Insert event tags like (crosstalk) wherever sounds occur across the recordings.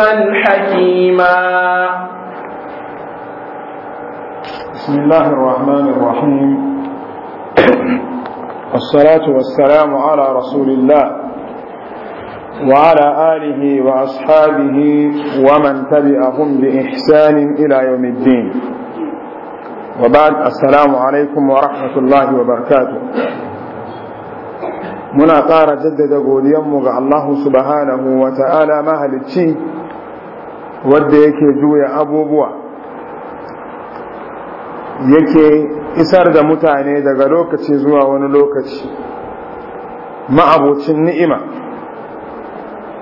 عليما حكيما بسم الله الرحمن الرحيم والصلاة والسلام على رسول الله وعلى آله وأصحابه ومن تبعهم بإحسان إلى يوم الدين وبعد السلام عليكم ورحمة الله وبركاته منا ƙara جدد godiyanmu ga الله سبحانه وتعالى ta'ala mahalicci wadda yake juya abubuwa yake isar da mutane daga lokaci zuwa wani lokaci ma'abocin ni'ima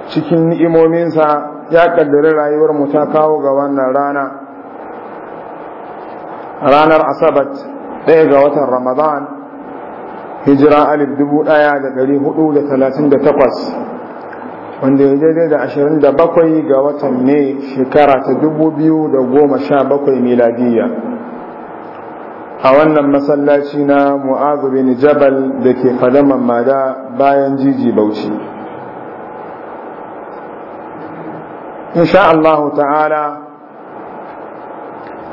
cikin ni'imominsa ya kaddari rayuwar mu ta kawo ga wannan rana ranar asabat ɗaya ga watan ramadan hijira alif dubu ɗaya da ɗari hudu da talatin da takwas wanda ya daidai da ashirin da bakwai ga watan ne shekara ta dubu biyu da goma sha bakwai miladiya. a wannan masallaci na mu'azu bin jabal da ke fadaman mada bayan jiji bauchi insha Allah ta'ala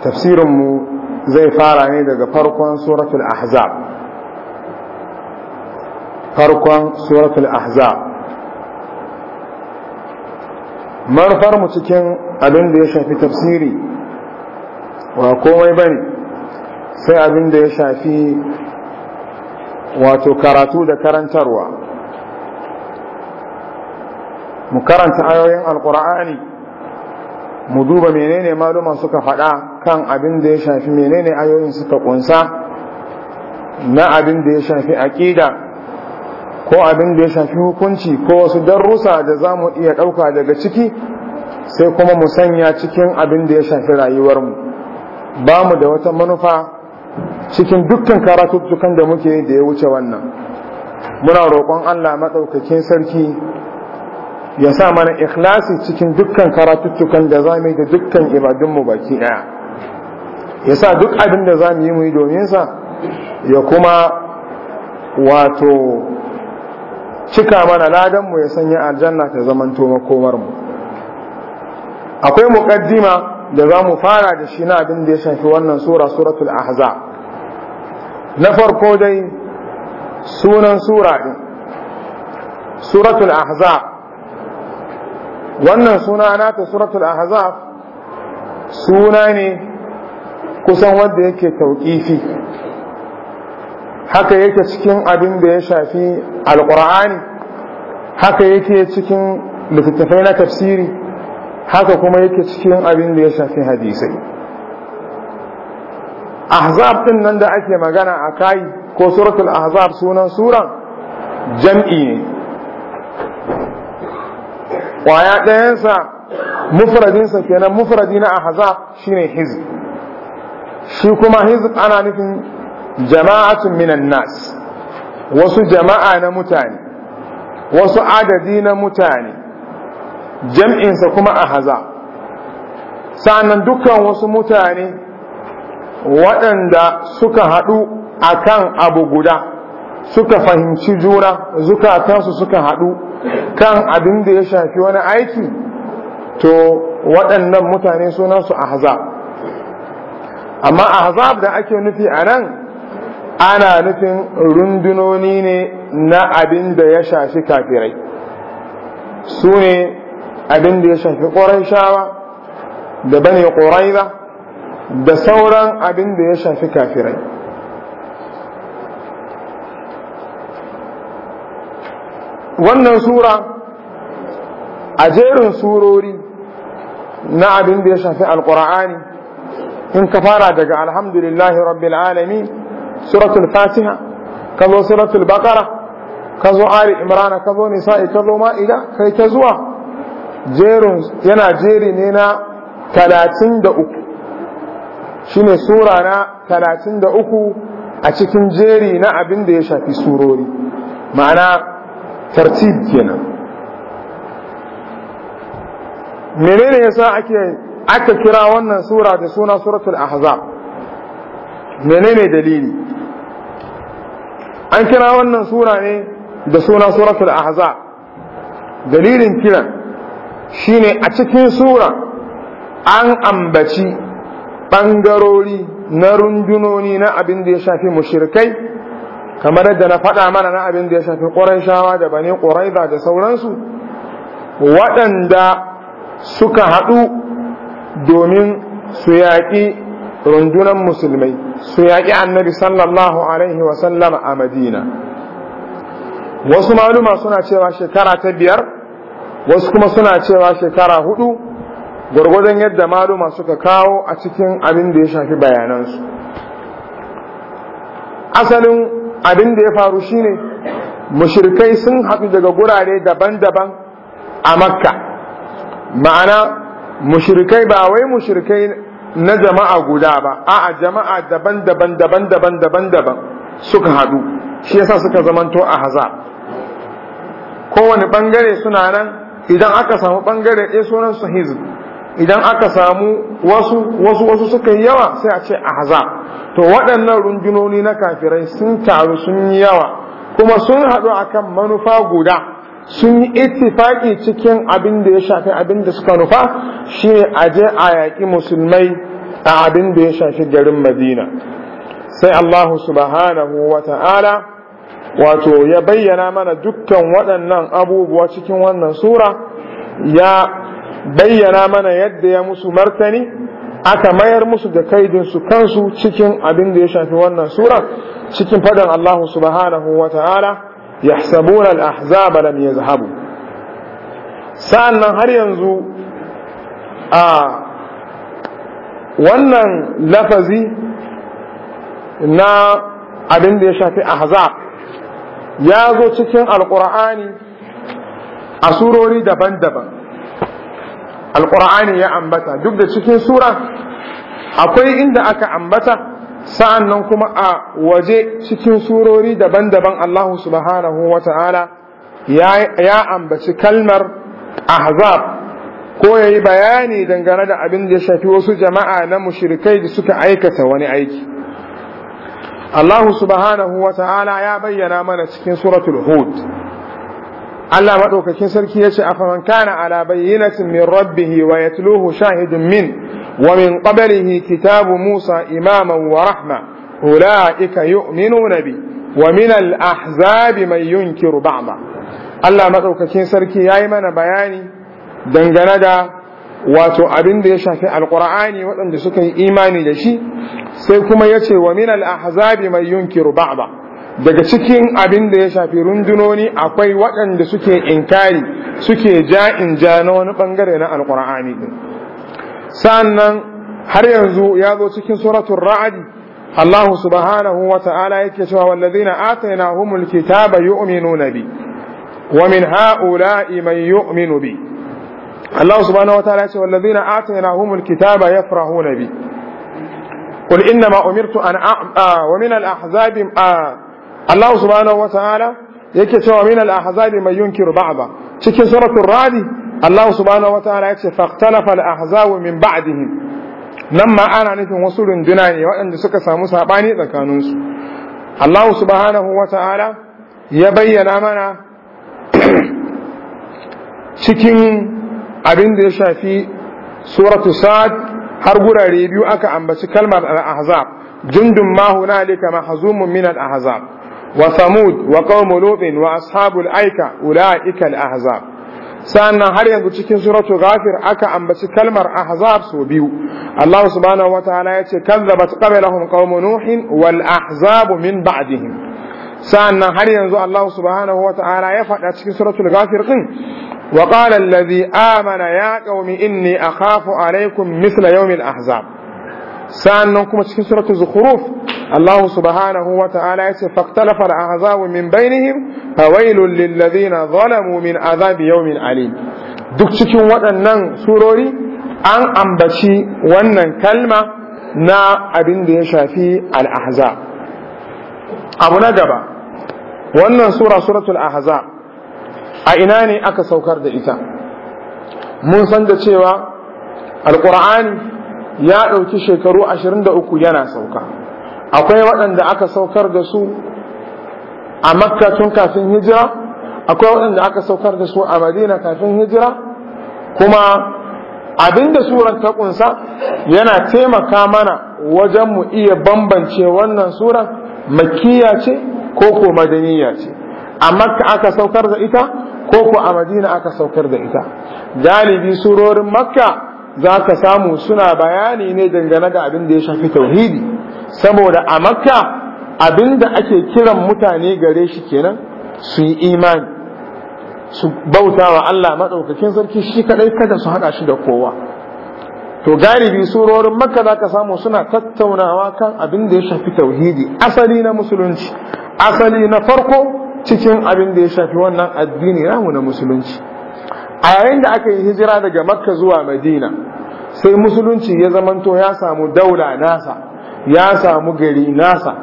tafsirinmu zai fara ne daga farkon suratul ahzab farkon suratul ahzab manufar mu cikin abin da ya shafi tafsiri wa komai bane sai abin da ya shafi wato karatu da karantarwa mu karanta ayoyin alkur'ani mu duba menene maluma suka faɗa kan abin da ya shafi menene ayoyin suka kunsa na abin da ya shafi aƙida ko abin da ya shafi hukunci ko wasu darussa da za mu iya ɗauka daga ciki sai kuma mu sanya cikin abin da ya shafi rayuwarmu ba mu da wata manufa cikin dukkan karatuttukan da muke da ya wuce wannan muna roƙon allah maɗaukakin sarki ya sa mana ikhlasi cikin dukkan karatuttukan da za mu yi da dukkan ibadunmu baki ɗaya ya sa duk abin da za mu yi mu yi dominsa ya kuma wato cika mana ladan mu ya sanya aljanna ta zaman to makomar mu akwai muqaddima da za mu fara da shi na abin da ya shafi wannan sura suratul ahza na farko dai sunan sura din suratul ahza wannan suna nata suratul ahza suna ne kusan wanda yake tauƙifi haka yake cikin abin da ya shafi alkur'ani haka yake cikin littattafai na tafsiri haka kuma yake cikin abin da ya shafi hadisai ahzab ɗin nan da ake magana a kayi ko suratul ahzab sunan suran jam'i ne kwaya ɗayansa mufradinsa kenan mufradi na ahzab shine hizb shi kuma hizb ana nufin jama'atun minan nas wasu jama'a na mutane wasu adadi na mutane jam'insa kuma a haza sa'annan dukkan wasu mutane waɗanda suka haɗu akan abu guda suka fahimci juna zukatansu suka haɗu kan abin da ya shafi wani aiki to waɗannan mutane sunansu haza, amma a haza da ake nufi a nan ana nufin rundunoni ne na abin da ya shafi kafirai su ne abin da ya shafi ƙoraishawa da bane ba, da sauran abin da ya shafi kafirai wannan sura a jerin surori na abin da ya shafi alƙura'ani in ka fara daga alhamdulillahi rabbil alamin suratul fatiha ka zo suratul Baƙara, ka zo ali imrana ka zo nisa'i ka zo ma'ida kai ta zuwa jerin yana jeri ne na talatin da uku shine sura na talatin da uku a cikin jeri na abin da ya shafi surori ma'ana tartib kenan menene yasa ake aka kira wannan sura da suna suratul ahzab menene dalili an kira wannan sura ne da suna suratul ahza dalilin kira shine a cikin sura an ambaci ɓangarori na rundunoni na abin da ya shafi mushirkai kamar yadda na faɗa mana na abin da ya shafi shawa da bane ƙuraiza da sauransu waɗanda suka haɗu domin su yaƙi rundunan musulmai su yaƙi annabi sallallahu alaihi wasallama a madina wasu maluma suna cewa shekara ta biyar wasu kuma suna cewa shekara hudu gwargwadon yadda maluma suka kawo a cikin abin da ya shafi bayanansu asalin abin da ya faru shine mushrikai sun haɗu daga gurare daban-daban a makka ma'ana mushrikai ba wai mushrikai na jama'a guda ba a'a jama'a daban-daban daban-daban daban-daban suka hadu shi yasa suka zamanto a haza kowane bangare suna nan idan aka samu bangare ɗaya sunan su hizb idan aka samu wasu wasu wasu suka yi yawa sai a ce a haza to waɗannan rundunoni na kafirai sun taru sun yi yawa kuma sun haɗu akan manufa guda sun yi ittifaki cikin abin da ya shafi abin da suka nufa shine a je a yaƙi musulmai a abin da ya shafi garin madina sai Allah subhanahu wa ta'ala wato ya bayyana mana dukkan waɗannan abubuwa cikin wannan sura ya bayyana mana yadda ya musu martani aka mayar musu da kaidinsu kansu cikin abin da ya shafi wannan sura cikin fadan Allah subhanahu wa ta'ala yahsabuna al-ahzaba lam yazhabu har yanzu a wannan lafazi na abin da ya shafi ahzab ya zo cikin alkur'ani a surori daban-daban alkur'ani ya ambata duk da cikin sura akwai inda aka ambata sa'an nan kuma a waje cikin surori daban-daban Allah subhanahu wa ta'ala ya ambaci kalmar ahzab ko ya yi bayani dangane da abin da ya shafi wasu jama'a na mushirikai da suka aikata wani aiki. Allah subhanahu wa ta'ala ya bayyana mana cikin suratul Hud. Allah maɗaukakin sarki yace faman kana ala bayyinatin min rabbihi wa yatluhu shahidun min wa min qablihi kitabu Musa imaman wa rahma ulaika yu'minuna bi wa min al-ahzabi man yunkiru ba'da Allah maɗaukakin sarki yayi mana bayani dangane da wato abin da ya shafi Alƙur'ani waɗanda suka yi imani da shi sai kuma yace wa min al'ahzabi mai yunkiru ba'ba daga cikin abin da ya shafi rundunoni akwai waɗanda suke inkari suke ja in ja na wani ɓangare na alƙur'ani ɗin sannan har yanzu ya zo cikin suratun ra'adi Allah subhanahu wa ta'ala yake cewa wallazina atainahumul kitaba yu'minuna bi wa min ha'ula'i man yu'minu bi Allah subhanahu wa ta'ala yace wallazina bi قل إنما أمرت أن أع... آه ومن الأحزاب آه Allah subhanahu wa ta'ala yake cewa min al-ahzabi man yunkiru cikin suratun radi Allah subhanahu wa ta'ala yace faqtalafa al-ahzabu min ba'dihim nan ma'ana nufin wasu runduna ne waɗanda suka samu saɓani tsakaninsu. su Allah subhanahu wa ta'ala ya bayyana mana (clears throat) cikin abin da ya shafi suratu sa'ad har gurare biyu aka ambaci kalmar al'ahazab. ahzab jundun ma hunalika mahzumun min al-ahzab wa samud wa qaumu wa ashabul aika ulaika al ahzab sannan har yanzu cikin suratul ghafir aka ambaci kalmar ahzab su biyu Allah subhanahu wataala yace kazzabat qablahum qaumu nuhin wal ahzab min ba'dihim sannan har yanzu Allah subhanahu wataala ya faɗa cikin suratul ghafir din wa qala amana ya qaumi inni akhafu alaykum mithla yawmil ahzab sannan kuma cikin suratul zukhruf Allah subhanahu wa ta'ala ya ce faktalafar azabu min bainihim fawailul lillazina zalamu min azabi yawmin alim duk cikin waɗannan surori an ambaci wannan kalma na abin da ya shafi al abu na gaba wannan sura suratul ahza a ina ne aka saukar da ita mun san da cewa alkur'ani ya ɗauki shekaru 23 yana sauka akwai waɗanda aka saukar da su a makka tun kafin hijira akwai waɗanda aka saukar da su a madina kafin hijira kuma abinda suran ta kunsa yana taimaka mana wajen mu iya bambance wannan suran Makiya ce ko ko madaniya ce a makka aka saukar da ita ko ko a madina aka saukar da ita galibi surorin makka za ka samu suna bayani ne dangane da abin da ya shafi tauhidi saboda a makka abin da ake kiran mutane gare shi kenan su yi imani su bauta wa Allah maɗaukakin sarki shi kaɗai kada su haɗa shi da kowa to garibi surorin makka za ka samu suna tattaunawa kan abin da ya shafi tauhidi asali na musulunci asali na farko cikin abin da ya shafi wannan addini namu na musulunci a yayin da aka yi hijira daga makka zuwa madina sai musulunci ya zamanto ya samu daula nasa ya samu gari nasa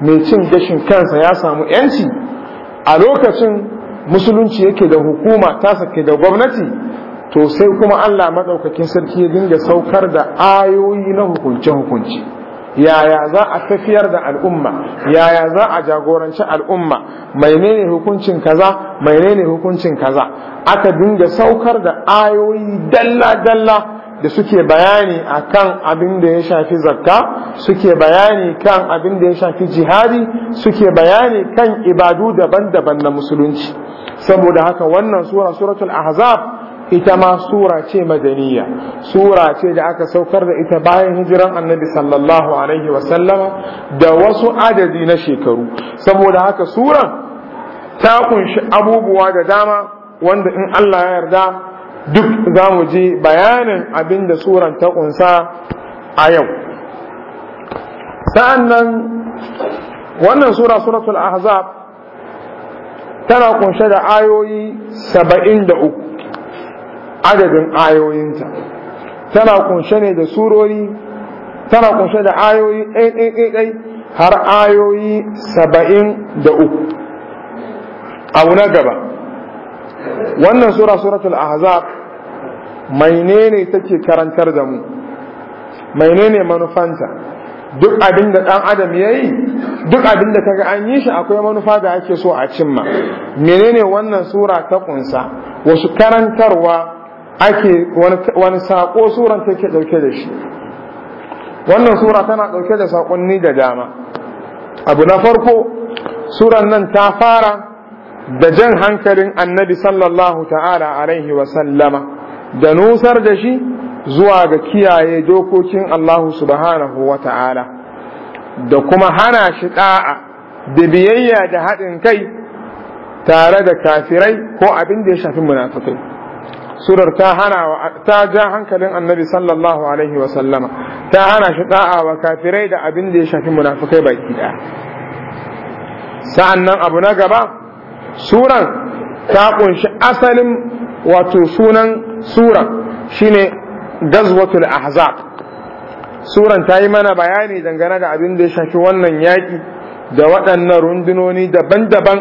mai cin gashin kansa ya samu yanci a lokacin musulunci yake da hukuma ta sake da gwamnati to sai kuma allah maɗaukakin sarki ya dinga saukar da ayoyi na hukunce-hukunce yaya za a tafiyar da al'umma yaya za a jagoranci al'umma menene hukuncin kaza menene hukuncin kaza aka dinga saukar da ayoyi dalla dalla da suke bayani akan abin da ya shafi zakka suke bayani kan abin da ya shafi jihadi suke bayani kan ibadu daban-daban na musulunci saboda haka wannan sura suratul ahzab ita ma sura ce madaniya sura ce da aka saukar da ita bayan hijiran annabi sallallahu alaihi wasallama da wasu adadi na shekaru saboda haka suran ta kunshi abubuwa da dama wanda in Allah ya yarda duk za mu bayanin abin da suran ta kunsa a yau Sannan wannan sura suratul ahzab tana kunshe da ayoyi saba'in da uku adadin ayoyinta tana kunshe ne da surori tana kunshe da ayoyi ɗai har ayoyi saba'in da uku abu na gaba wannan sura suratul ahzab mai ne take karantar da mu mai ne manufanta duk abin da ɗan adam ya yi duk abin da kaga an yi shi akwai manufa da ake so a cimma menene wannan sura ta kunsa wasu karantarwa ake wani saƙo suran take ɗauke da shi wannan sura tana ɗauke da saƙonni da dama abu na farko suran nan ta fara da jan hankalin annabi sallallahu ta'ala a alaihi sallama da nusar da shi zuwa ga kiyaye dokokin Allahu subhanahu wa ta'ala da kuma hana shi ɗa'a da biyayya da haɗin kai tare da kafirai ko abin da ya shafi munafukai surar ta hana ta ja hankalin annabi sallallahu alaihi wa sallama ta hana shi da'a wa kafirai da abin da ya shafi munafikai baki daya sa'annan abu na gaba suran ta kunshi asalin wato sunan suran shine gazwatul ahzab suran ta yi mana bayani dangane da abin da ya shafi wannan yaki da waɗannan rundunoni daban-daban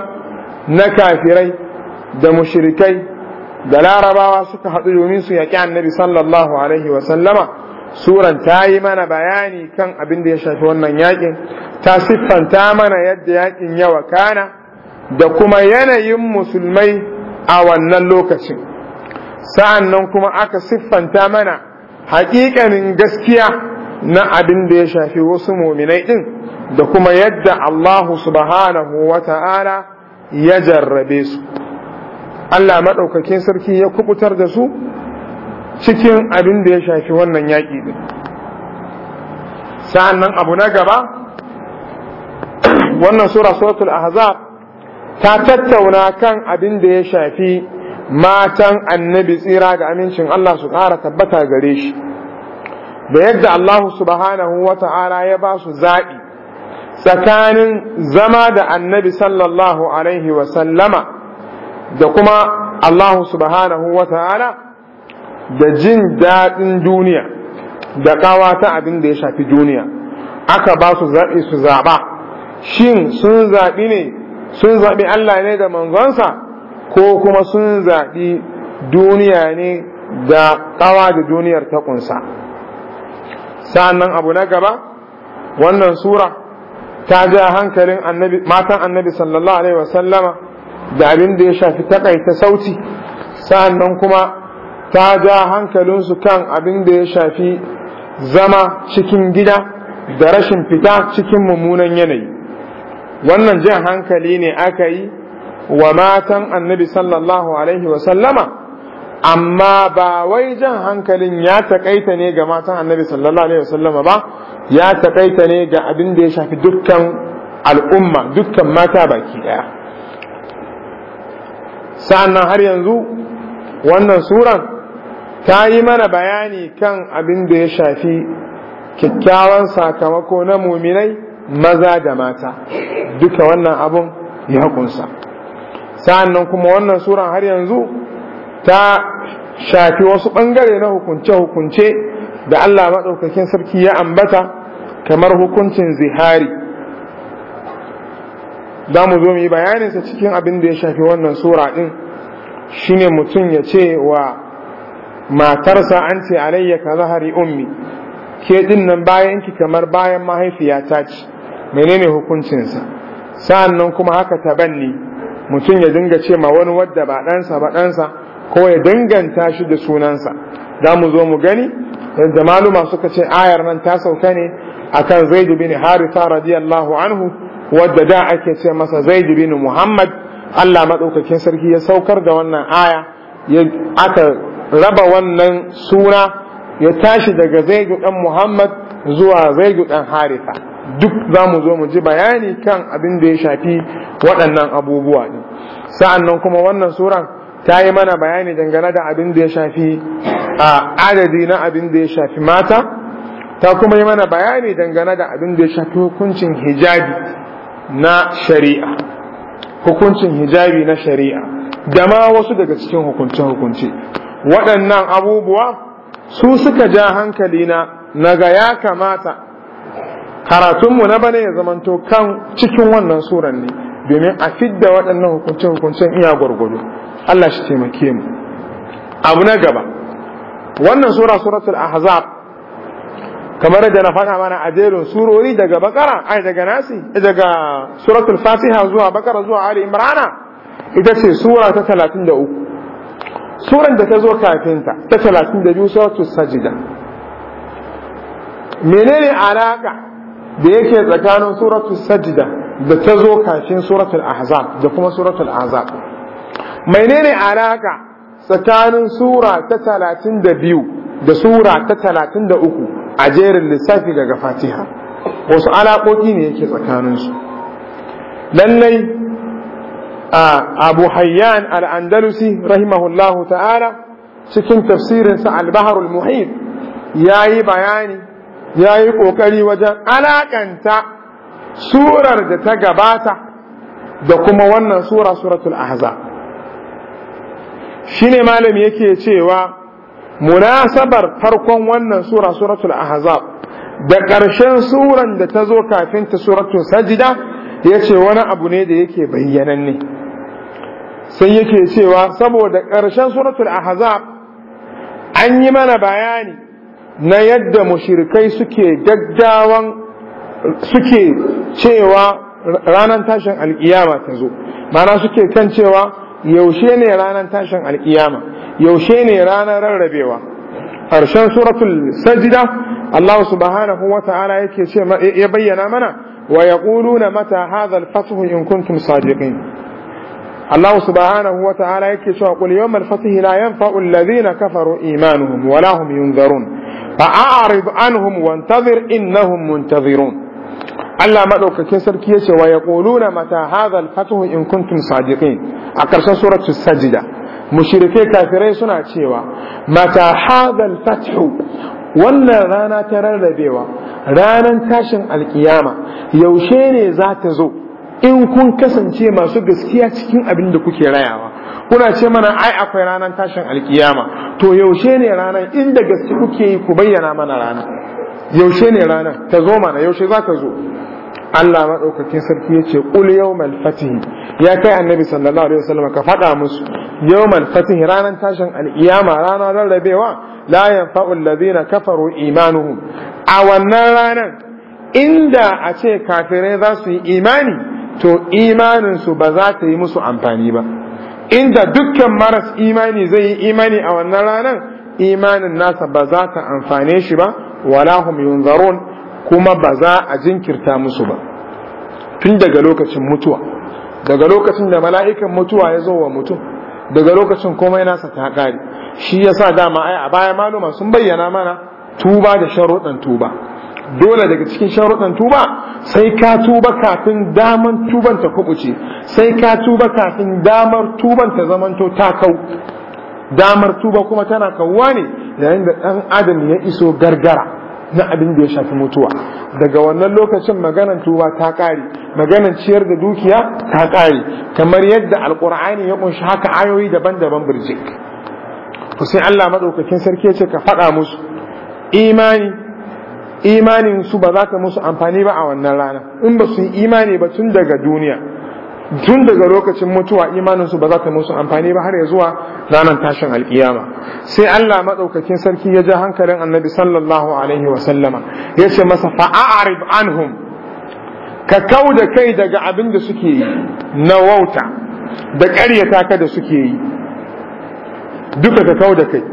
na kafirai da mushrikai da larabawa suka haɗu domin su yaƙi annabi sallallahu alaihi wa sallama suran ta yi mana bayani kan abin da ya shafi wannan yaƙin ta siffanta mana yadda yaƙin ya wakana da kuma yanayin musulmai a wannan lokacin sa'an nan kuma aka siffanta mana haƙiƙanin gaskiya na abin da ya shafi wasu muminai ɗin da kuma yadda Allahu subhanahu wa ta'ala ya jarrabe su. Allah maɗaukakin sarki ya kubutar da su cikin abin da ya shafi wannan yaƙi ɗin sa'an nan abu na gaba wannan sura suratul ahzab ta tattauna kan abin da ya shafi matan annabi tsira ga amincin Allah su ƙara tabbata gare shi da yadda Allah subhanahu wa ta'ala ya ba su tsakanin zama da annabi sallallahu alaihi wa sallama da kuma Allah subhanahu wa ta'ala da jin daɗin duniya da kawa ta abin da ya shafi duniya aka ba su zaɓi su zaɓa shin sun zaɓi ne sun zaɓi Allah ne da manzonsa ko kuma sun zaɓi duniya ne da kawa da duniyar ta ƙunsa sa'annan abu na gaba wannan sura ta ja hankalin matan annabi sallallahu alaihi wasallama da abin da ya shafi takaita sauti sa'annan kuma ta ja hankalinsu kan abin da ya shafi zama cikin gida da rashin fita cikin mummunan yanayi wannan jan hankali ne aka yi wa matan annabi sallallahu alaihi wasallama amma ba wai jan hankalin ya takaita ne ga matan annabi sallallahu alaihi wasallama ba ya takaita ne ga abin da ya shafi dukkan al'umma dukkan mata baki daya sa'annan har yanzu wannan suran ta yi mana bayani kan abin da ya shafi kyakkyawan sakamako na muminai maza da mata duka wannan abun ya kunsa sa'annan kuma wannan suran har yanzu ta shafi wasu ɓangare na hukunce-hukunce da Allah maɗaukakin sarki ya ambata kamar hukuncin zihari za mu zo mu yi bayaninsa cikin abin da ya shafi wannan sura ɗin shine mutum ya ce wa matarsa an ce alayya ka zahari ummi ke ɗin nan bayan ki kamar bayan mahaifiyata ci. menene hukuncinsa sa'an nan kuma haka tabanni mutum ya dinga ce ma wani wadda ba ɗansa ba ɗansa ko ya danganta shi da sunansa za mu zo mu gani da maluma suka ce ayar nan ta sauka ne akan zaidu bin harisa radiyallahu anhu wadda da ake ce masa zaid bin muhammad Allah matsaukakin sarki ya saukar da wannan aya aka raba wannan suna ya tashi daga zaid dan muhammad zuwa zaid dan harifa. duk za mu zo mu ji bayani kan abin da ya shafi waɗannan abubuwa ne nan kuma wannan suran ta yi mana bayani dangane da abin da ya shafi a adadi na abin da ya shafi mata ta kuma yi mana bayani dangane da abin da ya shafi hukuncin hijabi na shari'a hukuncin hijabi na shari'a da ma wasu daga cikin hukunce-hukunce waɗannan abubuwa su suka ja hankali na naga ya kamata karatunmu na bane ya zamanto kan cikin wannan suran ne domin a fidda waɗannan hukunce-hukuncen iya gwargwado Allah shi taimake mu abu na gaba wannan sura suratul ahzab kamar da na faɗa mana a jerin surori daga bakara ai daga nasi daga suratul fatiha zuwa bakara zuwa ali imrana ita ce sura ta 33 suran da ta zo kafin ta ta 32 suratul sajida menene alaka da yake tsakanin suratul sajida da ta zo kafin suratul ahzab da kuma suratul ahzab menene alaka tsakanin sura ta 32 da sura ta talatin da uku a jerin lissafi daga fatiha wasu alaƙoƙi ne yake tsakaninsu lallai a abu hayyan al'andalusi rahimahullahu ta'ala cikin tafsirinsa albaharul muhim ya yi bayani ya yi ƙoƙari wajen alaƙanta surar da ta gabata da kuma wannan sura suratul ahza shi ne malami yake cewa munasabar farkon wannan sura suratul ahzab da ƙarshen suran da ta zo kafin ta suratul sajida ya ce wani abu ne da yake ne. sai yake cewa saboda ƙarshen suratul ahzab an yi mana bayani na yadda mushirikai suke gaggawan suke cewa ranar tashin alkiyama ta zo mana suke kan cewa yaushe ne ranar tashin alkiyama yaushe ne ranar rarrabewa ƙarshen suratul sajda Allah subhanahu wa ta'ala yake ce ya bayyana mana wa yaquluna mata hadha al-fath in kuntum sadiqin Allah subhanahu wa ta'ala yake cewa qul yawm al-fath la yanfa'u alladhina kafaru imanuhum wa lahum yunzarun fa'arid anhum wantazir innahum muntazirun Allah madaukakin sarki yace wa yaquluna mata hadha al-fathu in kuntum sadiqin a ƙarshen suratu sajda mushrike kafirai suna cewa mata hadha al-fathu wannan rana ta rarrabewa ranan tashin alkiyama yaushe ne za ta zo in kun kasance masu gaskiya cikin abin da kuke rayawa kuna ce mana ai akwai ranar tashin alkiyama to yaushe ne ranar inda gaske kuke yi ku bayyana mana rana yaushe ne ranar ta zo mana yaushe za ta zo Allah maɗaukakin sarki ya ce ƙul yau malfatih ya kai annabi sallallahu alaihi wasallam ka faɗa musu Yau malfatih ranar tashin al'iyama rana rarrabewa la yanfa'u alladhina kafaru imanuhum a wannan ranar inda a ce kafirai za su yi imani to imaninsu ba za ta yi musu amfani ba inda dukkan maras imani zai yi imani a wannan ranar imanin nasa ba za ta amfane shi ba wala hum yunzarun kuma ba za a jinkirta musu ba tun daga lokacin mutuwa daga lokacin da mala'ikan mutuwa ya zo wa mutum daga lokacin komai nasa ta kare shi yasa dama ai a baya maluma sun bayyana mana tuba da sharuɗan tuba dole daga cikin sharuɗan tuba sai ka tuba kafin daman tuban ta kubuce sai ka tuba kafin damar tuban ta zamanto ta kau damar tuba kuma tana kawwa ne yayin da ɗan adam ya iso gargara na abin da ya shafi mutuwa daga wannan lokacin maganar tuba ta ƙare maganar ciyar da dukiya ta ƙare kamar yadda alƙur'ani ya ƙunshi haka ayoyi daban-daban birjik sai Allah maɗaukakin sarki ce ka faɗa musu imani imanin su ba za ta musu amfani ba a wannan rana in ba su yi imani ba tun daga duniya tun daga lokacin mutuwa imaninsu ba za ta musu amfani ba har ya zuwa ranar tashin alkiyama sai Allah maɗaukakin sarki ya ja hankalin annabi sallallahu alaihi wa sallama ya ce masa fa'arib anhum ka kau da kai daga abin da suke yi na wauta da ƙaryata ka da suke yi duka ka kau da kai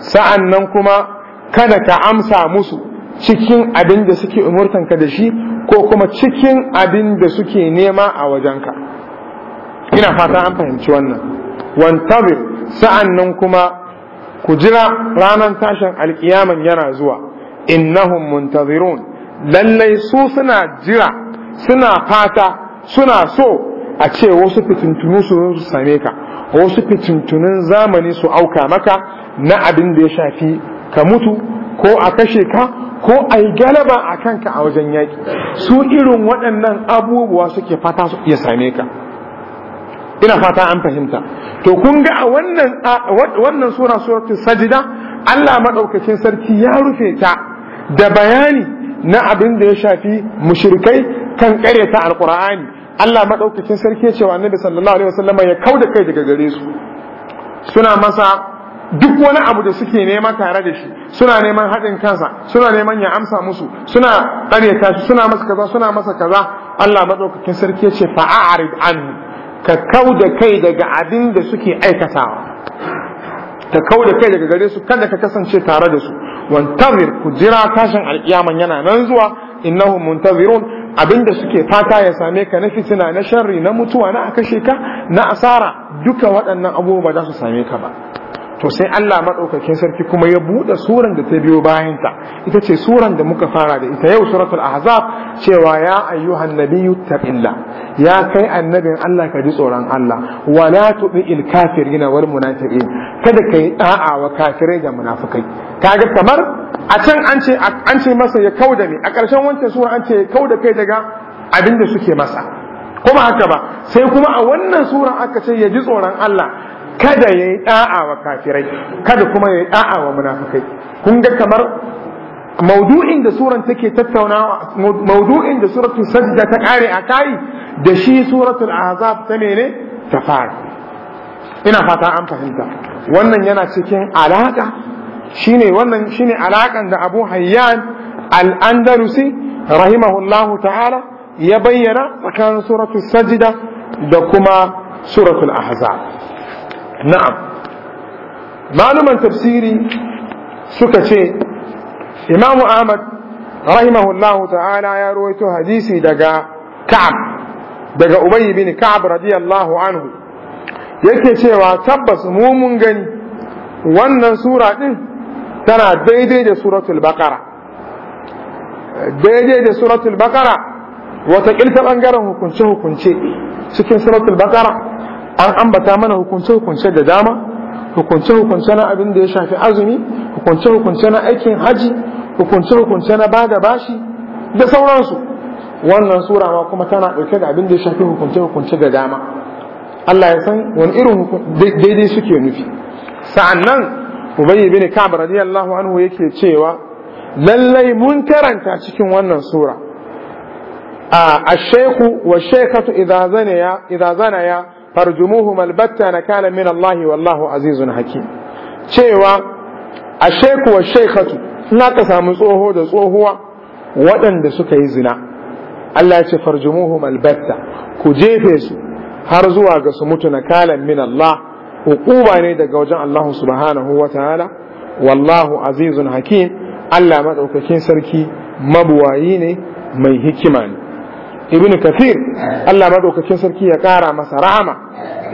sa'an nan kuma kada ka amsa musu cikin abin da suke umurtanka da shi ko kuma cikin abin da suke nema a wajenka ina fata an fahimci wannan wantabir sa'an nan kuma ku jira ranar tashin alkiyaman yana zuwa innahum muntazirun lallai su suna jira suna fata suna so a ce wasu fitintunu su same ka wasu fitintunun zamani su auka maka na abin da ya shafi ka mutu ko a kashe ka ko a yi galaba a kanka a wajen yaki. su irin waɗannan abubuwa suke fata su iya same ka ina fata an fahimta to kun ga a wannan wannan sura suratul sajda Allah madaukakin sarki ya rufe ta da bayani na abin da ya shafi mushrikai kan karyata alqur'ani Allah madaukakin sarki ya ce wa annabi sallallahu alaihi wasallam ya kauda kai daga gare su suna masa duk wani abu da suke nema tare da shi suna neman haɗin kansa suna neman ya amsa musu suna ƙaryata shi suna masa kaza suna masa kaza Allah madaukakin sarki ya ce fa'arid anhu ka kau da kai daga abin da suke aikatawa ka kau da kai daga gare su kada ka kasance tare da su wantazir ku jira tashin alkiyaman yana nan zuwa innahum muntazirun abinda suke fata ya same ka na fitina na sharri na mutuwa na akashe ka na asara duka waɗannan abubuwa ba za su same ka ba to sai Allah madaukakin sarki kuma ya bude suran da ta biyo bayan ta ita ce suran da muka fara da ita yau suratul ahzab cewa ya ayyuhan nabiyyu taqilla ya kai annabin Allah ka ji tsoron Allah wala tu'il kafirina wal munafiqin kada kai da'a wa kafirai da munafikai kaga kamar a can an ce an ce masa ya kauda ne a ƙarshen wancan sura an ce ya kauda kai daga abinda suke masa kuma haka ba sai kuma a wannan sura aka ce ya ji tsoron Allah kada ya yi da'a wa kafirai kada kuma ya yi da'a wa munafikai kun ga kamar maudu'in da suran take tattaunawa maudu'in da suratul sajda ta kare a kai da shi suratul ahzab ta mene ta fara ina fata an fahimta wannan yana cikin alaka shine wannan shine alakan da Abu Hayyan al-Andalusi rahimahullahu ta'ala ya bayyana tsakanin suratul sajda da kuma suratul ahzab na'am maluman tafsiri suka ce imam ahmad rahimahullahu ta'ala ya rawaito hadisi daga ka'ab daga ubay bin ka'ab radiyallahu anhu yake cewa tabbas mu mun gani wannan sura din tana daidai da suratul baqara daidai da suratul baqara wata kilta bangaren hukunce hukunce cikin suratul baqara an ambata mana hukunce-hukunce da dama hukunce-hukunce na abin da ya shafi azumi hukunce-hukunce na aikin haji hukunce-hukunce na bada bashi da sauransu wannan sura ma kuma tana ɗauke da abin da ya shafi hukunce-hukunce da dama Allah ya san wani irin daidai suke nufi sa'annan nan ubayi bin ka'ab radiyallahu anhu yake cewa lallai mun karanta cikin wannan sura a الشيخ والشيخة إذا زنيا إذا farjumuhu malbatta na kana min Allah wallahu azizun hakim cewa a sheku wa shekatu na ka samu tsoho da tsohuwa waɗanda suka yi zina Allah ya ce farjumuhu malbatta ku jefe su har zuwa ga su mutu na kalan min Allah hukuma ne daga wajen Allah subhanahu wa ta'ala wallahu azizun hakim Allah maɗaukakin sarki mabuwayi ne mai hikima ne ibn kathir Allah madaukakin sarki ya kara masa rahama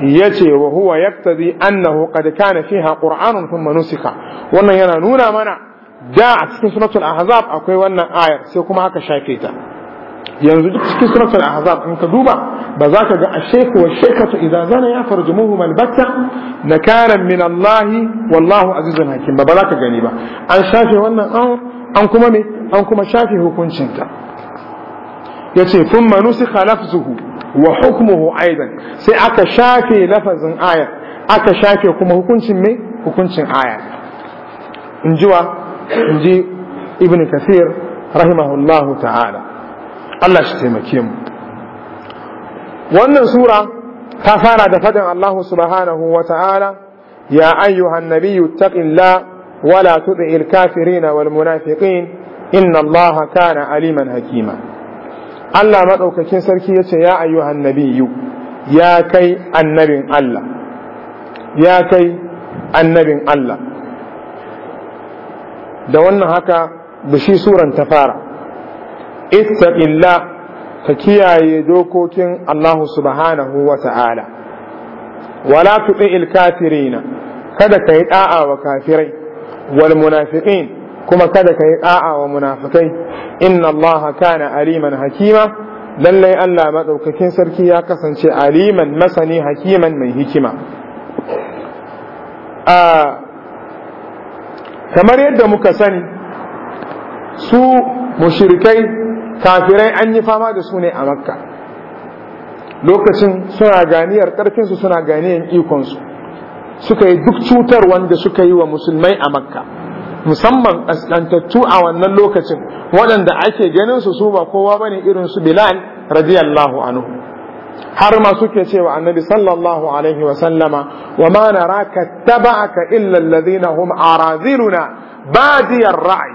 yace wa huwa yaqtadi annahu qad kana fiha qur'anun thumma nusika wannan yana nuna mana da a cikin suratul ahzab akwai wannan ayar sai kuma aka shafe ta yanzu cikin suratul ahzab in ka duba ba za ka ga ashaiku wa shekatu idan zana ya farjumuhu malbatta na karan min Allah wallahu azizun hakim ba ba za ka gani ba an shafe wannan ayar an kuma me an kuma shafe hukuncinta yace kun manusi lafzuhu wa hukmuhu aidan sai aka shafe lafazin aya aka shafe kuma hukuncin mai hukuncin aya in ji wa in ji ibn kasir rahimahullahu ta'ala Allah shi taimake mu wannan sura ta fara da fadin Allah subhanahu wa ta'ala ya ayyuhan nabiyyu taqillah wala tud'il kafirin wal munafiqin inna Allah kana aliman hakima Allah maɗaukakin sarki ya ce ya ayyuhan nabiyyu ya kai annabin Allah ya kai annabin Allah da wannan haka da shi suran ta fara ittaqillah ka kiyaye dokokin Allah subhanahu wa ta'ala wala tu'il kafirina kada ka yi da'a wa kafirai wal munafiqin kuma kada ka yi ɗa'a wa munafikai inna Allah kana aliman hakima lallai Allah maɗaukakin sarki ya kasance aliman masani hakiman mai hikima a kamar yadda muka sani su mushrikai kafirai an yi fama da su ne a makka lokacin suna ganiyar ƙarfinsu suna ganiyar ikonsu suka yi duk cutar wanda suka yi wa musulmai a makka musamman kaskantattu a wannan lokacin waɗanda ake ganin su su ba kowa ba ne irin su Bilal radiyallahu anhu har ma suke cewa annabi sallallahu alaihi wa sallama wa ma naraka taba'aka illa alladhina hum araziluna badiyar ra'i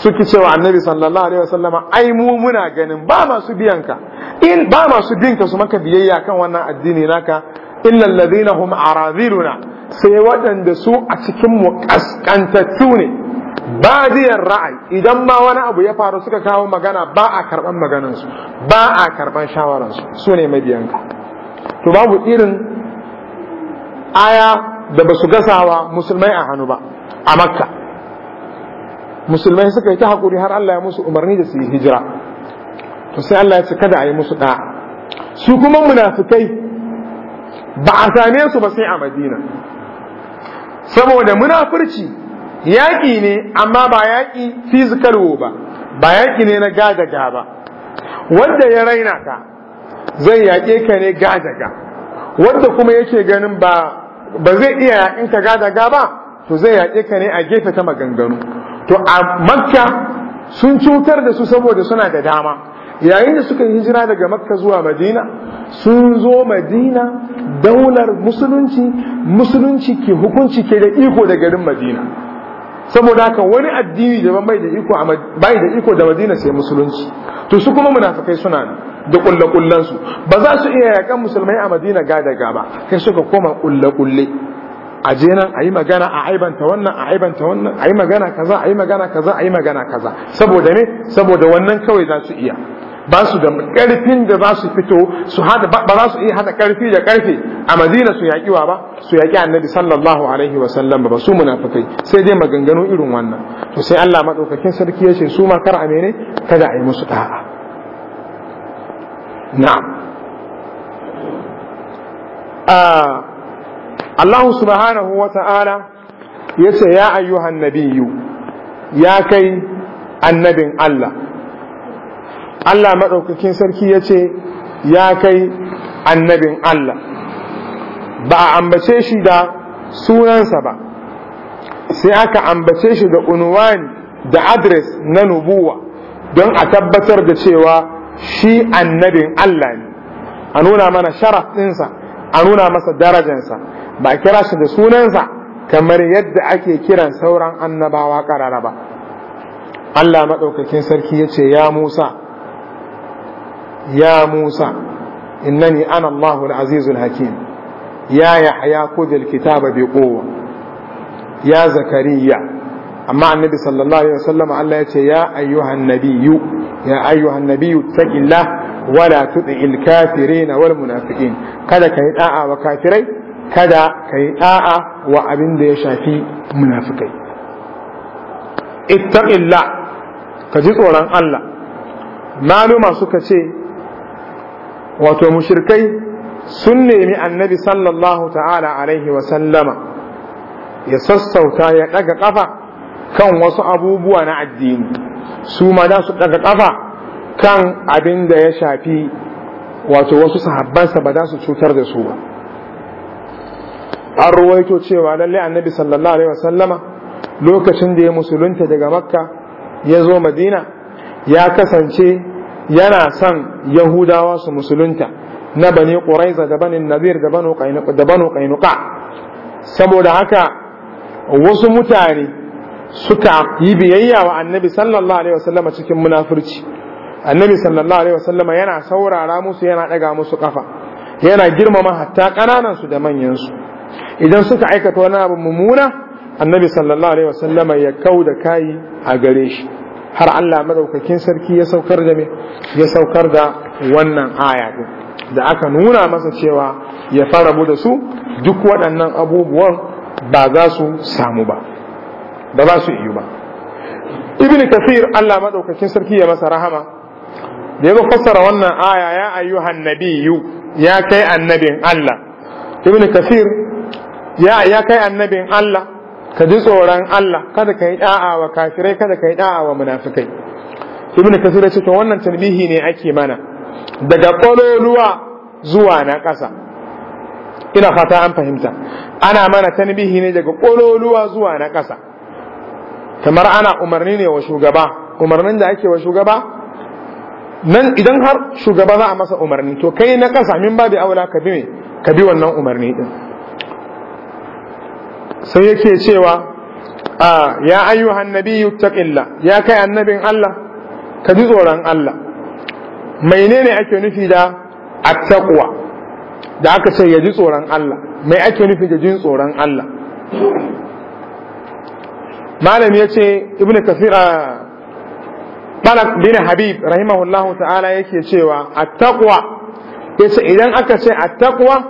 suke cewa annabi sallallahu alaihi wa sallama ai mu muna ganin ba masu biyanka in ba masu binka su maka biyayya kan wannan addini naka illa alladhina hum araziluna sai waɗanda su a cikin mu ne ba ziyar ra'ayi idan ma wani abu ya faru suka kawo magana ba a karɓan maganansu ba a karɓan shawararsu su ne mabiyanka to babu irin aya da ba su gasawa musulmai a hannu ba a makka musulmai suka yi ta haƙuri har Allah ya musu umarni da su yi hijira to sai Allah ya ce kada a yi musu ɗa'a su kuma munafukai ba a same su ba sai a madina saboda munafurci yaƙi ne amma ba yaƙi fizikalwo ba ba yaƙi ne na gajaga ba wanda ya raina ka zai yaƙe ka ne gajaga wanda kuma yake ganin ba zai iya yaƙin ka gadaga ba to zai yaƙe ka ne a gefe ta maganganu to a makka sun cutar da su saboda suna da dama yayin da suka yi hijira daga makka zuwa madina sun zo madina daular musulunci musulunci ke hukunci ke da iko da garin madina saboda haka wani addini da bai da iko a bai da iko da madina sai musulunci to su kuma munafikai suna da kulle kullen su ba za su iya yakan musulmai a madina ga da ga ba. kai suka koma kulle kulle a je nan a yi magana a aibanta wannan a aibanta wannan a yi magana kaza a yi magana kaza a yi magana kaza saboda ne saboda wannan kawai za su iya ba su da karfin da za su fito su hada ba za su iya hada karfi da karfe a madina su yaƙi ba su yaƙi annabi sallallahu alaihi wa sallam ba su munafikai sai dai maganganu irin wannan to sai Allah madaukakin sarki ya ce su ma kar a mene kada a yi musu da'a na'am ah, Allah subhanahu wa ta'ala ya ce ya ayyuhan nabiyyu ya kai annabin Allah Allah maɗaukakin sarki ya ce ya kai annabin Allah ba a ambace shi da sunansa ba sai aka ambace shi da unwani da adres na nubuwa don a tabbatar da cewa shi annabin Allah ne a nuna mana sharaf ɗinsa a nuna masa darajansa ba a kira shi da sunansa kamar yadda ake kiran sauran annabawa ƙarara ba Allah maɗaukakin sarki ya ce ya Musa ya Musa innani ana Allahu al hakim ya Yahya khudh al-kitaba bi quwwa ya Zakariya amma annabi sallallahu alaihi wasallam Allah ya ce ya ayyuhan nabiyyu ya ayyuhan nabiyyu taqillah wala tud'il kafirin wal munafiqin kada kai da'a wa kafirai kada kai da'a wa abin da ya shafi munafikai ittaqillah ka ji tsoron Allah maluma suka ce wato mushrikai sun nemi annabi sallallahu ta'ala alaihi wa sallama ya sassauta ya daga kafa kan wasu abubuwa na addini su ma da su daga kafa kan abin da ya shafi wato wasu sahabbansa ba za su cutar da su ba an ruwaito cewa lalle annabi sallallahu alaihi wa sallama lokacin da ya musulunta daga makka ya zo madina ya kasance yana son yahudawa su musulunta na bani ƙuraiza da banin nazir da banu ƙainuka saboda haka wasu mutane suka yi biyayya wa annabi sallallahu alaihi wasallama cikin munafurci annabi sallallahu alaihi wasallama yana saurara musu yana ɗaga musu ƙafa, yana girmama hatta ƙananansu da manyansu. idan suka aikata wani abin mummuna annabi sallallahu alaihi wasallama ya kau da kayi a gare shi har Allah madaukakin sarki ya saukar da me ya saukar da wannan aya din da aka nuna masa cewa ya fara da su duk waɗannan abubuwan ba za su samu ba ba za su yi ba ibn kafir Allah madaukakin sarki ya masa rahama da ya fassara wannan aya ya ayyuhan nabiyyu ya kai annabin Allah ibn kafir ya ya kai annabin Allah ka ji tsoron Allah kada ka yi da'a wa kafirai kada ka yi da'a wa munafikai ibnu kasir ce to wannan tanbihi ne ake mana daga kololuwa zuwa na ƙasa ina fata an fahimta ana mana tanbihi ne daga kololuwa zuwa na ƙasa kamar ana umarni ne wa shugaba umarnin da ake wa shugaba nan idan har shugaba za a masa umarni to kai na ƙasa min babu aula ka bi ka bi wannan umarni din sai yake cewa a ya ayyuhan nabiyyu taqilla ya kai annabin Allah ka ji tsoron Allah menene ake nufi da attaqwa da aka ce ya ji tsoron Allah mai ake nufi da jin tsoron Allah Malami ya ce ibn kasir bin Habib rahimahullahu ta'ala yake cewa attaqwa yace idan aka ce attaqwa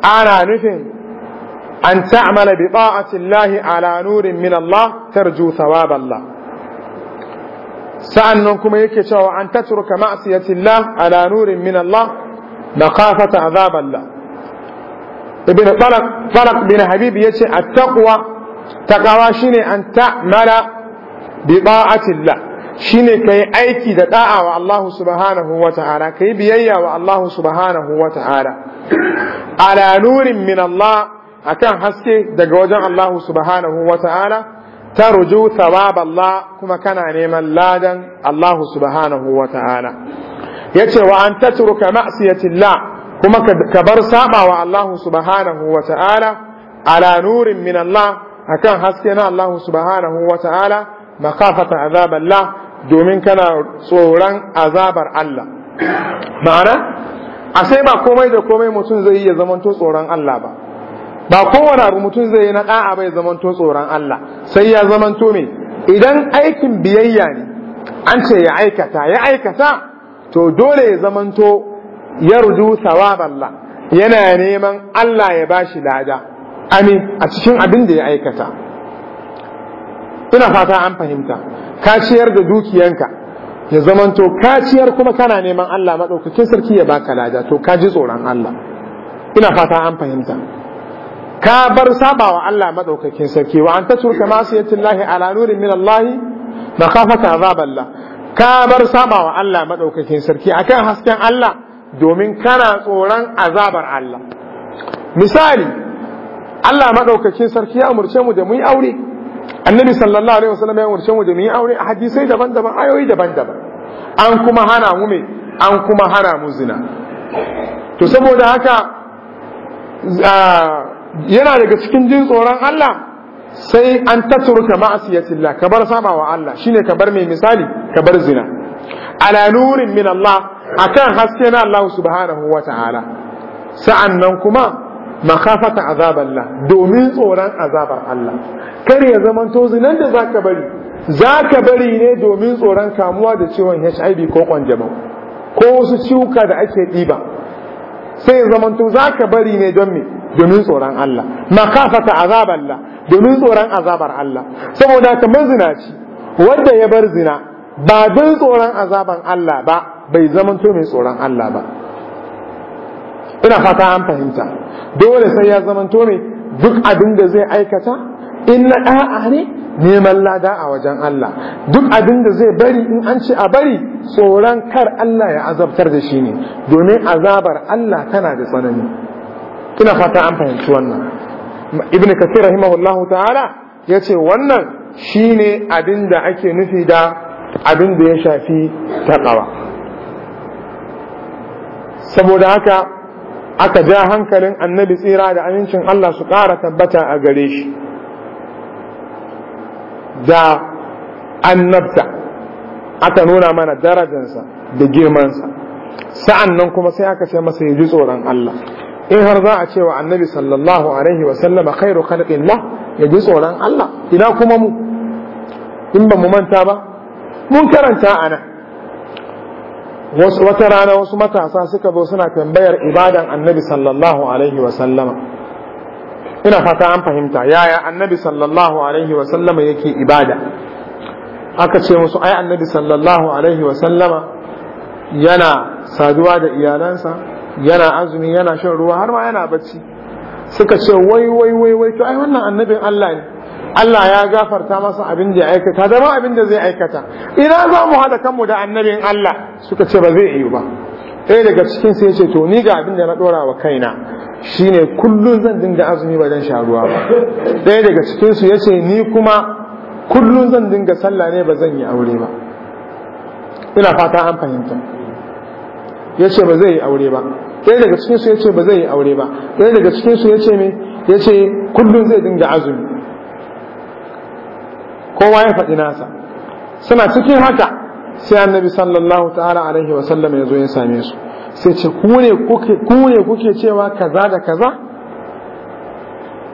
ana nufin an ta'amala bi ta'atillahi ala nurin min Allah tarju thawab Allah sa'annan kuma yake cewa an tatruka ma'siyatillah ala nurin min Allah maqafata azab Allah ibn Talaq Talaq bin Habib yace at-taqwa taqwa shine an ta'mala bi ta'atillah shine ka yi aiki da da'a wa Allah subhanahu wa ta'ala kai biyayya wa Allah subhanahu wa ta'ala ala nurin min Allah akan haske daga wajen Allah subhanahu wa ta'ala ta ruju thawab Allah kuma kana neman ladan Allah subhanahu wa ta'ala ce wa an taturuka ma'siyatillah kuma ka bar sabawa Allah subhanahu wa ta'ala ala nurin min Allah akan haske na Allah subhanahu wa ta'ala makafata azab domin kana tsoron azabar Allah ma'ana a sai ba komai da komai mutum zai iya zamanto tsoron Allah ba ba kowane abu mutum zai yi na da'a bai zamanto tsoron Allah sai ya zamanto me idan aikin biyayya ne an ce ya aikata ya aikata to dole ya zamanto rudu sawab Allah yana neman Allah ya bashi lada amin a cikin abin da ya aikata ina fata an fahimta Kaciyar da dukiyanka ya zamanto ka ciyar kuma kana neman Allah maɗaukakin sarki ya baka lada to kaji ji tsoron Allah ina fata an fahimta ka bar saba wa Allah madaukakin sarki wa an tasurka masiyatillahi ala nurin min Allah makhafata azaballah ka bar saba wa Allah madaukakin sarki akan hasken Allah domin kana tsoron azabar Allah misali Allah madaukakin sarki ya umurce mu da mu yi aure annabi sallallahu alaihi wasallam ya umurce mu da mu yi aure a hadisai daban-daban ayoyi daban-daban an kuma hana mu me an kuma hana mu zina to saboda haka yana daga cikin jin tsoron Allah sai an tattaruka ma'asiyatillah ka bar saba wa Allah shine ka bar mai misali ka bar zina ala nurin min Allah akan haske na Allah subhanahu wa ta'ala sa'annan kuma makafata azaballah domin tsoron azabar Allah kar ya zaman to zinan da zaka bari zaka bari ne domin tsoron kamuwa da ciwon HIV ko kanjamau ko wasu ciwuka da ake ɗiba? sai zaman to zaka bari ne don me domin tsoron Allah makafata azab Allah domin tsoron azabar Allah saboda ka mazinaci wanda ya bar zina ba don tsoron azaban Allah ba bai to mai tsoron Allah ba ina fata an fahimta dole sai ya zamanto mai duk abin da zai aikata in na da'a ne neman lada a wajen Allah duk abin da zai bari in an ce a bari tsoron kar Allah ya azabtar da shi ne domin azabar Allah tana da tsanani ina fata an fahimci wannan ibn kasir rahimahullahu ta'ala ya ce wannan shine abin da ake nufi da abin da ya shafi taqwa saboda haka aka ja hankalin annabi tsira da amincin Allah su ƙara tabbata a gare shi da annabta aka nuna mana darajansa da girmansa sa'an nan kuma sai aka ce masa ya ji tsoron Allah in har za a ce wa annabi sallallahu alaihi wa sallama khairu khalqillah ya ji tsoron Allah ina kuma mu in ba mu manta ba mun karanta a nan wata rana wasu matasa suka zo suna tambayar ibadan annabi sallallahu alaihi wa sallama ina fata an fahimta yaya annabi sallallahu alaihi wa sallama yake ibada aka ce musu ai annabi sallallahu alaihi wa sallama yana saduwa da iyalansa yana azumi yana shan ruwa har ma yana bacci suka ce wai wai wai wai to ai wannan annabin Allah ne Allah ya gafarta masa abin da ya aikata da ma abin da zai aikata ina za mu haɗa kanmu da annabin Allah suka ce ba zai yi ba ɗaya daga cikin sai ce to ni ga abin da na ɗora wa kaina shine kullun zan dinga azumi ba dan ruwa ba ɗaya daga cikin su yace ni kuma kullun zan dinga sallah ne ba zan yi aure ba ina fata an fahimta ya ce ba zai yi aure ba ɗaya daga cikinsu ya ce ba zai yi aure ba ɗaya daga su ya ce me ya ce kullum zai dinga azumi kowa ya faɗi nasa suna cikin haka sai annabi sallallahu ta'ala alaihi wa sallam ya zo ya same su sai ce ku ne kuke cewa kaza da kaza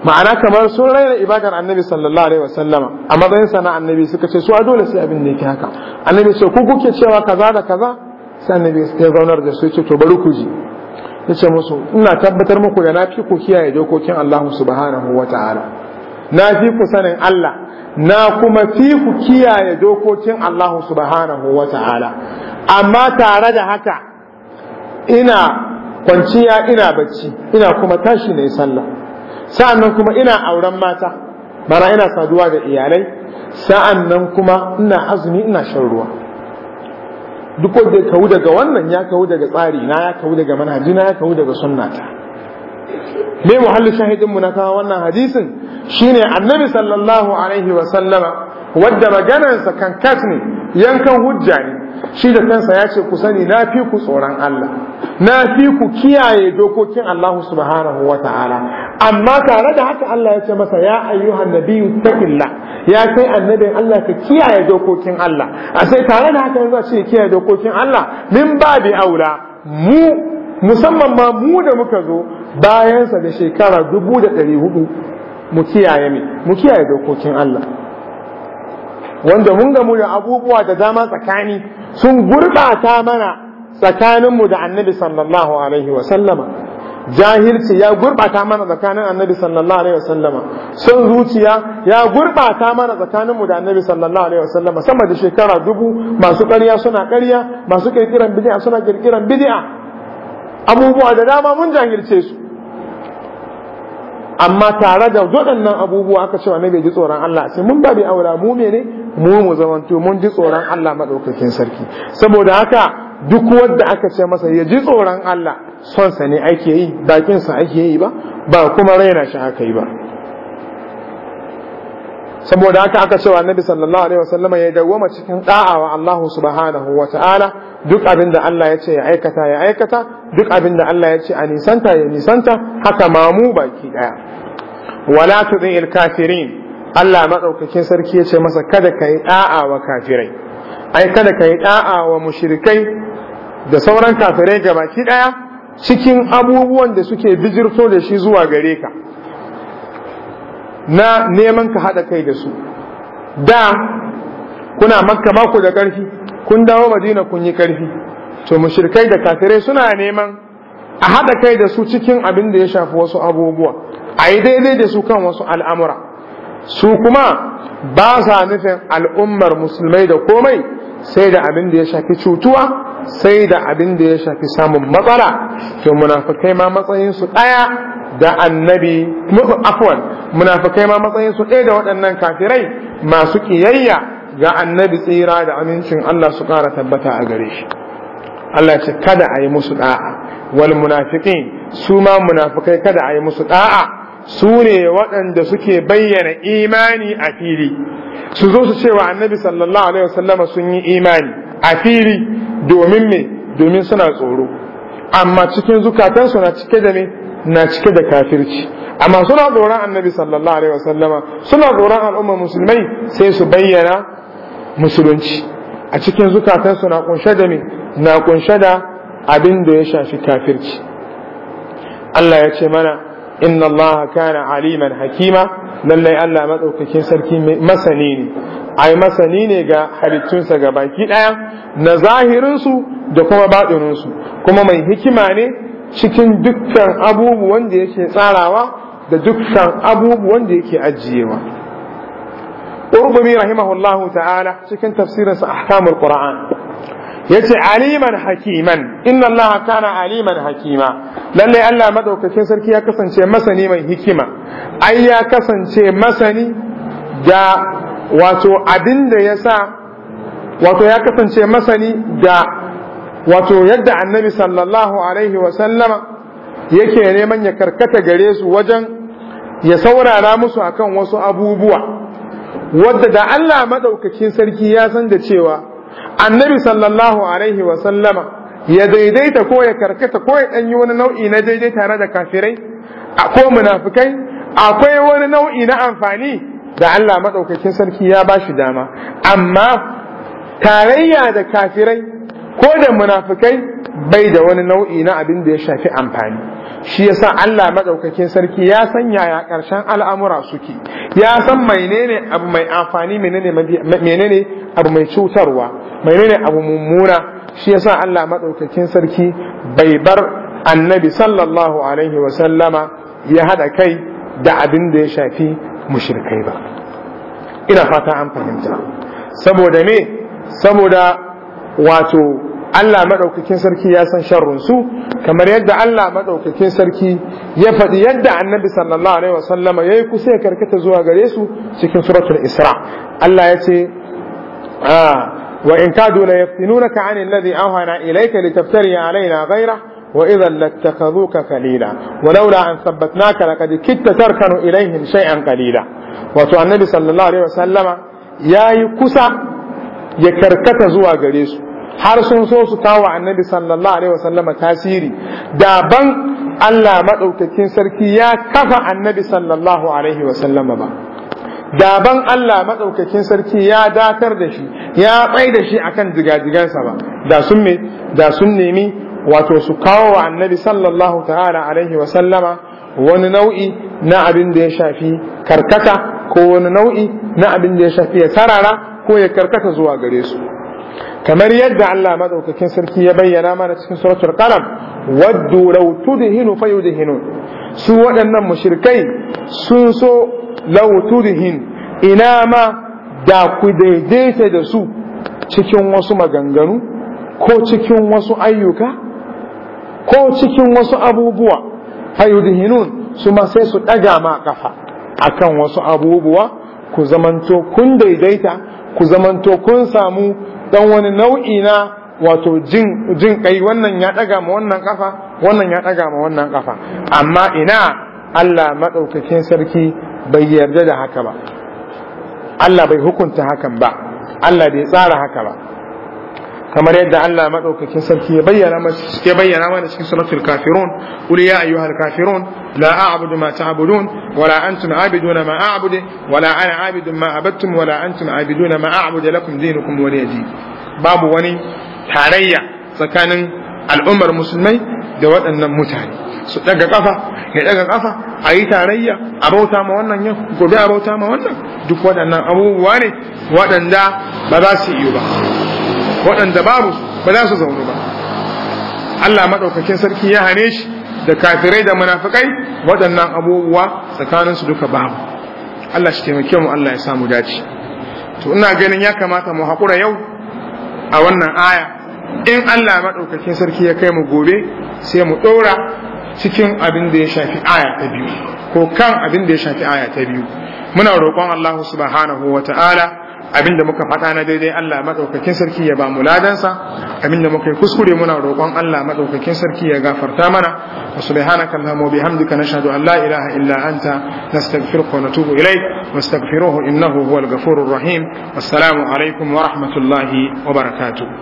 ma'ana kamar sun raina ibadar annabi sallallahu alaihi wa sallama a matsayin sana annabi suka ce su a dole sai abin da yake haka annabi ce ku kuke cewa kaza da kaza sannan bai ya zaunar da su ya ce to bari ku ji ya ce musu ina tabbatar muku da na fi ku kiyaye dokokin Allah subhanahu wa ta'ala na fi ku sanin Allah na kuma fi ku kiyaye dokokin Allah subhanahu wa ta'ala amma tare da haka ina kwanciya ina bacci ina kuma tashi ne sallah sa'annan kuma ina auren mata bara ina saduwa da iyalai sa'annan kuma ina azumi ina shan ruwa duk wanda ya kawo daga wannan ya kawo daga tsari na ya kawo daga manhaji na ya kawo daga ta me muhallin shahidin mu na kawo wannan hadisin shine annabi sallallahu alaihi wa sallama wadda maganarsa kan kas ne yankan hujja ne shi da kansa ya ce ku sani na fi ku tsoron Allah na fi ku kiyaye dokokin Allah subhanahu wa ta'ala amma tare da haka Allah ya ce masa ya ayyuhan nabiyyu takilla ya kai annabin Allah ka kiyaye dokokin Allah a sai tare da haka yanzu a ce kiyaye dokokin Allah min bi aula mu musamman ma mu da muka zo bayansa da shekara dubu da ɗari hudu mu kiyaye mu kiyaye dokokin Allah wanda mun gamu da abubuwa da dama tsakani sun gurbata mana tsakaninmu da annabi sallallahu alaihi wa sallama jahilci ya gurbata mana tsakanin annabi sallallahu alaihi wasallama Sun zuciya ya gurbata mana tsakaninmu da annabi sallallahu alaihi wasallama sama da shekara dubu masu ƙarya suna ƙarya masu ƙirƙiran bid'a suna ƙirƙiran bid'a abubuwa da dama mun jahilce su amma tare da waɗannan abubuwa aka cewa na bai ji tsoron Allah sai mun bai aura mu ne mu mu zamanto mun ji tsoron Allah madaukakin sarki saboda haka duk wanda aka ce masa ya ji tsoron Allah son sa ne ake yi bakin sa ake yi ba ba kuma raina shi aka yi ba saboda haka aka cewa Annabi sallallahu alaihi wasallam ya dawwama cikin ɗa'awa, Allahu Allah subhanahu wataala duk abin da Allah ya ce ya aikata ya aikata duk abin da Allah ya ce a nisanta ya nisanta haka mamu baki daya wala il kafirin Allah madaukakin sarki ya ce masa kada ka yi da'a wa kafirai ai kada ka yi da'a wa mushrikai da sauran kafirai ga baki daya cikin abubuwan da suke bijirto da shi zuwa gare ka na neman ka hada kai da su da kuna makka mako da karfi kun dawo madina kun yi karfi to mushrikai da kafirai suna neman a haɗa kai da su cikin abin da ya shafi wasu abubuwa a yi daidai da su kan wasu al'amura su kuma ba sa nufin al'ummar musulmai da komai sai da abin da ya shafi cutuwa sai da abin da ya shafi samun matsala to munafikai ma matsayin su daya da annabi afwan munafikai ma matsayin su daya da waɗannan kafirai masu ƙiyayya. ga annabi tsira da amincin Allah su ƙara tabbata a gare shi Allah ce kada a yi musu da'a wal munafiqin su ma munafikai kada a yi musu da'a su ne waɗanda suke bayyana imani a fili su zo su ce wa annabi sallallahu alaihi wasallama sun yi imani a fili domin me domin suna tsoro amma cikin zukatansu na cike da me na cike da kafirci amma suna tsoron annabi sallallahu alaihi wasallama suna tsoron al'ummar musulmai sai su bayyana musulunci a cikin zukatansu na kunshe da na kunshe da abin da ya shafi kafirci Allah ya ce mana inna Allah kana aliman hakima lallai Allah matsaukakin sarki masani ne ai masani ne ga halittunsa ga baki ɗaya na zahirinsu da kuma baɗininsu kuma mai hikima ne cikin dukkan abubuwan da yake tsarawa da dukkan abubuwan da yake ajiyewa qurtubi rahimahullahu ta'ala cikin tafsirinsa ahkamul qur'an yace aliman hakiman inna Allah kana aliman hakima Lallai Allah madaukakin sarki ya kasance masani mai hikima ai ya kasance masani da wato da wato yadda annabi sallallahu alaihi wa sallama yake neman ya karkata gare su wajen ya saurara musu akan wasu abubuwa wadda da Allah madaukakin sarki ya san da cewa annabi sallallahu alaihi wa sallama ya daidaita ko ya karkata ko ya danyi wani nau'i na daidai tare da kafirai ko munafikai akwai wani nau'i na amfani da Allah madaukakin sarki ya bashi dama amma tarayya da kafirai ko da munafikai bai da wani nau'i na abin da ya shafi amfani shi yasa Allah madaukakin sarki ya san yaya karshen al'amura suke ya san menene abu mai amfani menene menene abu mai cutarwa menene abu mummuna shi yasa Allah madaukakin sarki bai bar annabi sallallahu alaihi wa sallama ya hada kai da abin da ya shafi mushrikai ba ina fata an fahimta saboda me saboda wato Allah maɗaukakin sarki ya san sharrun su kamar yadda Allah maɗaukakin sarki ya faɗi yadda Annabi sallallahu alaihi wasallama yayi kusa ya karkata zuwa gare su cikin suratul Isra Allah ya ce ah, wa in kadu la yaftinunaka an alladhi awhana ilayka litaftari alaina ghayra wa idhan lattakhaduka qalila wa laula an thabbatnaka laqad kitta tarkanu ilayhim shay'an qalila wato Annabi sallallahu alaihi wasallama yayi kusa ya karkata zuwa gare su har sun so su kawo annabi sallallahu alaihi wasallama tasiri daban Allah Madaukakin sarki ya kafa annabi sallallahu alaihi wasallama ba daban Allah Madaukakin sarki ya datar da shi ya bai da shi akan jigajigansa ba da sun me da sun nemi wato su kawo wa annabi sallallahu ta'ala alaihi wasallama wani nau'i na abin da ya shafi karkata ko wani nau'i na abin da ya shafi ya sarara ko ya karkata zuwa gare su kamar yadda Allah madaukakin sarki ya bayyana mana cikin suratul qalam waddu law tudhinu fayudhinu su waɗannan mushrikai sun so law tudhin ina ma da ku daidaita da su cikin wasu maganganu ko cikin wasu ayyuka ko cikin wasu abubuwa fayudhinun su ma sai su ɗaga ma kafa akan wasu abubuwa ku zamanto kun daidaita ku zamanto kun samu dan wani nau'i na wato jin jin kai wannan ya daga ma wannan kafa wannan ya daga ma wannan kafa amma ina Allah madaukakin sarki bai yarda da haka ba Allah bai hukunta hakan ba Allah bai tsara haka ba kamar yadda Allah madaukakin sarki ya bayyana mana cikin suratul kafirun qul ya ayyuhal kafirun لا أعبد ما تعبدون ولا أنتم عابدون ما أعبد ولا أنا عابد ما عبدتم ولا أنتم عابدون ما أعبد لكم دينكم ولي دين باب وني تاريا سكان al'ummar musulmai da waɗannan mutane su ɗaga ƙafa ya ɗaga ƙafa a yi tarayya a bauta ma wannan yau gobe a bauta ma wannan duk waɗannan abubuwa ne waɗanda ba za su iyo ba waɗanda babu ba za su zaune ba Allah maɗaukakin sarki ya hane shi da kafirai da munafikai waɗannan abubuwa tsakaninsu duka babu Allah shi taimake mu Allah ya samu dace to ina ganin ya kamata mu haƙura yau a wannan aya in Allah madaukakin sarki ya kai mu gobe sai mu ɗora cikin abin da ya shafi aya ta biyu ko kan abin da ya shafi aya ta biyu muna roƙon Allah subhanahu wa Abin da muka fata na daidai Allah maɗaukakin sarki ya ba mu ladansa abinda muka yi kuskure muna roƙon Allah maɗaukakin sarki ya gafarta mana wa subhanaka allahumma bihamdika nashhadu an la ilaha illa anta nastaghfiruka wa natubu ilayk wastaghfiruhu innahu huwal ghafurur rahim wassalamu alaikum wa rahmatullahi wa barakatuh